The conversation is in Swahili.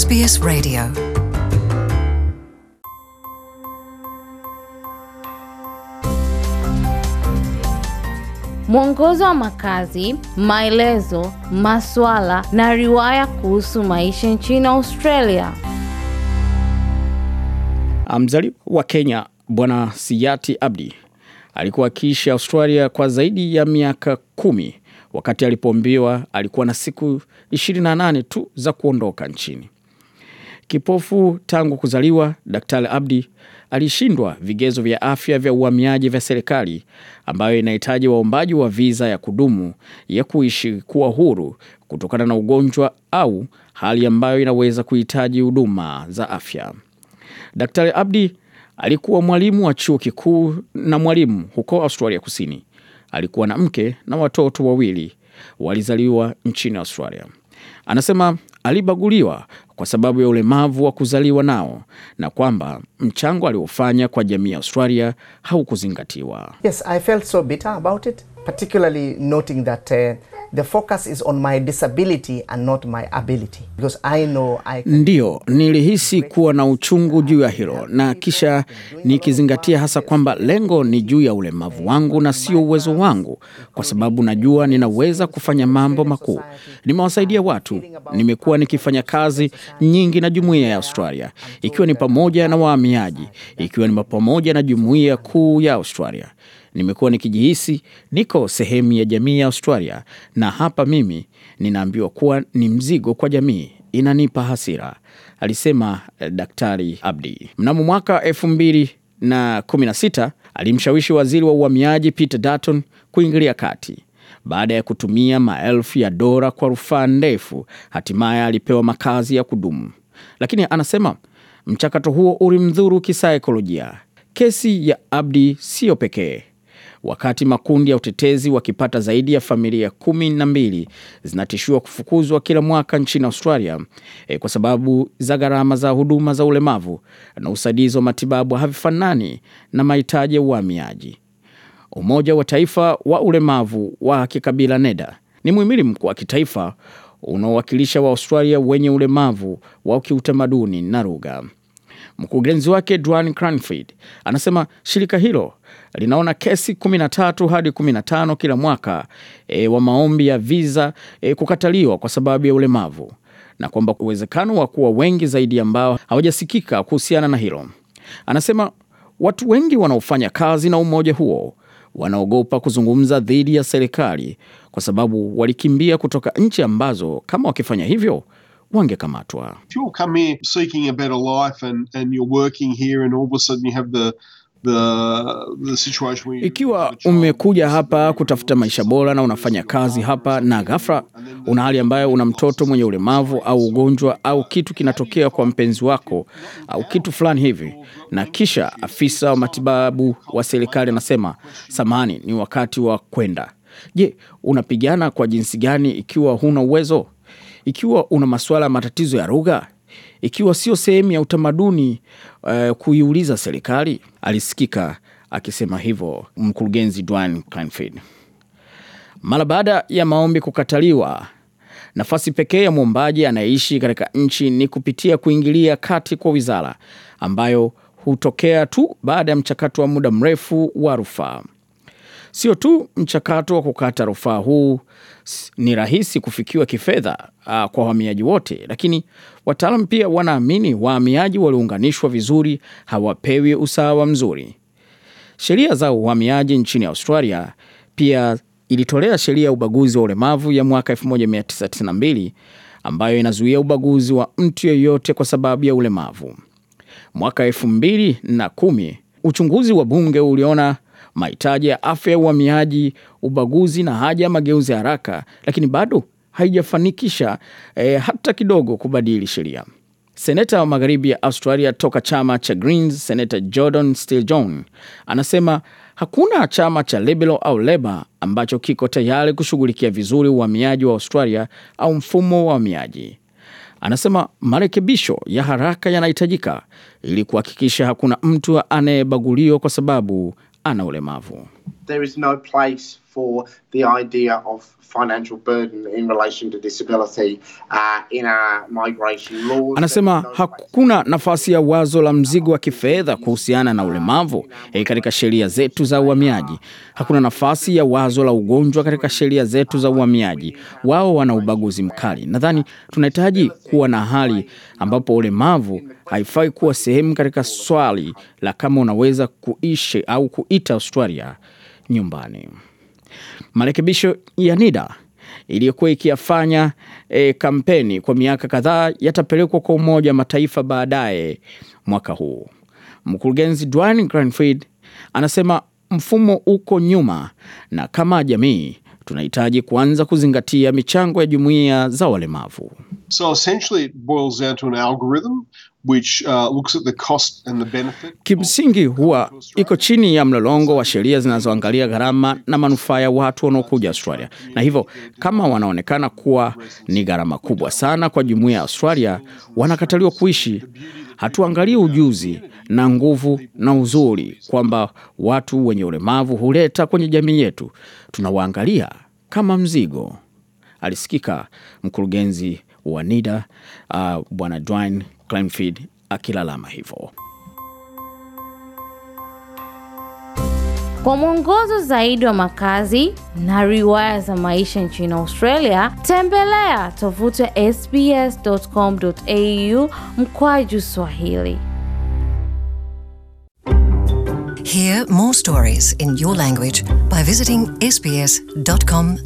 SBS Radio Mwongozo wa makazi, maelezo, maswala na riwaya kuhusu maisha nchini Australia. Mzaliwa wa Kenya Bwana Siyati Abdi alikuwa akiishi Australia kwa zaidi ya miaka kumi. Wakati alipombiwa alikuwa na siku 28 tu za kuondoka nchini. Kipofu tangu kuzaliwa, Daktari Abdi alishindwa vigezo vya afya vya uhamiaji vya serikali ambayo inahitaji waombaji wa viza ya kudumu ya kuishi kuwa huru kutokana na ugonjwa au hali ambayo inaweza kuhitaji huduma za afya. Daktari Abdi alikuwa mwalimu wa chuo kikuu na mwalimu huko Australia Kusini. Alikuwa na mke na watoto wawili walizaliwa nchini Australia. Anasema alibaguliwa kwa sababu ya ulemavu wa kuzaliwa nao na kwamba mchango aliofanya kwa jamii ya Australia haukuzingatiwa. Yes, I felt so bitter about it particularly noting that uh, the focus is on my disability and not my ability because I know I can... Ndiyo, nilihisi kuwa na uchungu juu ya hilo, na kisha nikizingatia hasa kwamba lengo ni juu ya ulemavu wangu na sio uwezo wangu, kwa sababu najua ninaweza kufanya mambo makuu. Nimewasaidia watu, nimekuwa nikifanya kazi nyingi na jumuiya ya Australia, ikiwa ni pamoja na wahamiaji, ikiwa ni pamoja na jumuiya kuu ya Australia nimekuwa nikijihisi niko sehemu ya jamii ya Australia, na hapa mimi ninaambiwa kuwa ni mzigo kwa jamii, inanipa hasira, alisema eh, Daktari Abdi. Mnamo mwaka elfu mbili na kumi na sita alimshawishi waziri wa uhamiaji Peter Dutton kuingilia kati. Baada ya kutumia maelfu ya dola kwa rufaa ndefu, hatimaye alipewa makazi ya kudumu, lakini anasema mchakato huo ulimdhuru kisaikolojia. Kesi ya Abdi siyo pekee wakati makundi ya utetezi wakipata zaidi ya familia kumi na mbili zinatishiwa kufukuzwa kila mwaka nchini Australia e, kwa sababu za gharama za huduma za ulemavu na usaidizi wa matibabu havifanani na mahitaji ya uhamiaji. Umoja wa Taifa wa Ulemavu wa Kikabila NEDA ni muhimili mkuu wa kitaifa unaowakilisha Waaustralia wenye ulemavu wa kiutamaduni na lugha. Mkurugenzi wake Dwan Cranfield anasema shirika hilo linaona kesi 13 hadi 15 kila mwaka e, wa maombi ya viza e, kukataliwa kwa sababu ya ulemavu na kwamba uwezekano wa kuwa wengi zaidi ambao hawajasikika kuhusiana na hilo. Anasema watu wengi wanaofanya kazi na umoja huo wanaogopa kuzungumza dhidi ya serikali kwa sababu walikimbia kutoka nchi ambazo kama wakifanya hivyo wangekamatwa. Ikiwa umekuja hapa kutafuta maisha bora na unafanya kazi hapa, na ghafla una hali ambayo una mtoto mwenye ulemavu au ugonjwa au kitu kinatokea kwa mpenzi wako au kitu fulani hivi, na kisha afisa wa matibabu wa serikali anasema, samani ni wakati wa kwenda. Je, unapigana kwa jinsi gani ikiwa huna uwezo? Ikiwa una masuala ya matatizo ya lugha, ikiwa sio sehemu ya utamaduni uh, kuiuliza serikali, alisikika akisema hivyo mkurugenzi Dwan Cranfield. Mara baada ya maombi kukataliwa, nafasi pekee ya mwombaji anayeishi katika nchi ni kupitia kuingilia kati kwa wizara ambayo hutokea tu baada ya mchakato wa muda mrefu wa rufaa. Sio tu mchakato wa kukata rufaa huu ni rahisi kufikiwa kifedha uh, kwa wahamiaji wote, lakini wataalam pia wanaamini wahamiaji waliounganishwa vizuri hawapewi usawa mzuri. Sheria za uhamiaji nchini Australia pia ilitolea sheria ya ubaguzi wa ulemavu ya mwaka 1992 ambayo inazuia ubaguzi wa mtu yeyote kwa sababu ya ulemavu. Mwaka 2010 uchunguzi wa bunge uliona mahitaji ya afya ya uhamiaji, ubaguzi na haja ya mageuzi ya haraka, lakini bado haijafanikisha eh, hata kidogo kubadili sheria. Seneta wa magharibi ya Australia toka chama cha Greens, Seneta Jordan Steele-John anasema hakuna chama cha Liberal au Leba ambacho kiko tayari kushughulikia vizuri uhamiaji wa Australia au mfumo wa uhamiaji. Anasema marekebisho ya haraka yanahitajika ili kuhakikisha hakuna mtu anayebaguliwa kwa sababu ana ulemavu there is no place for the idea of financial burden in relation to disability, uh, in our migration laws. Anasema no hakuna nafasi ya wazo la mzigo wa kifedha kuhusiana na ulemavu e, katika sheria zetu za uhamiaji. Hakuna nafasi ya wazo la ugonjwa katika sheria zetu za uhamiaji. Wao wana ubaguzi mkali. Nadhani tunahitaji kuwa na hali ambapo ulemavu haifai kuwa sehemu katika swali la kama unaweza kuishi au kuita Australia nyumbani. Marekebisho ya NIDA iliyokuwa ikiyafanya e, kampeni kwa miaka kadhaa yatapelekwa kwa Umoja wa Mataifa baadaye mwaka huu. Mkurugenzi Dwayne Greenfield anasema mfumo uko nyuma na kama jamii tunahitaji kuanza kuzingatia michango ya jumuiya za walemavu. So essentially, it boils down to an algorithm which, uh, looks at the cost and the benefit. Kimsingi huwa iko chini ya mlolongo wa sheria zinazoangalia gharama na manufaa ya watu wanaokuja Australia, na hivyo kama wanaonekana kuwa ni gharama kubwa sana kwa jumuiya ya Australia, wanakataliwa kuishi. Hatuangalii ujuzi na nguvu na uzuri kwamba watu wenye ulemavu huleta kwenye jamii yetu, tunawaangalia kama mzigo, alisikika mkurugenzi wa NIDA uh, bwana Dwayne Kleinfield akilalama hivyo. Kwa mwongozo zaidi wa makazi na riwaya za maisha nchini Australia, tembelea tovuti ya sbs.com.au mkwaju Swahili. Hear more stories in your language by visiting sbs.com.au.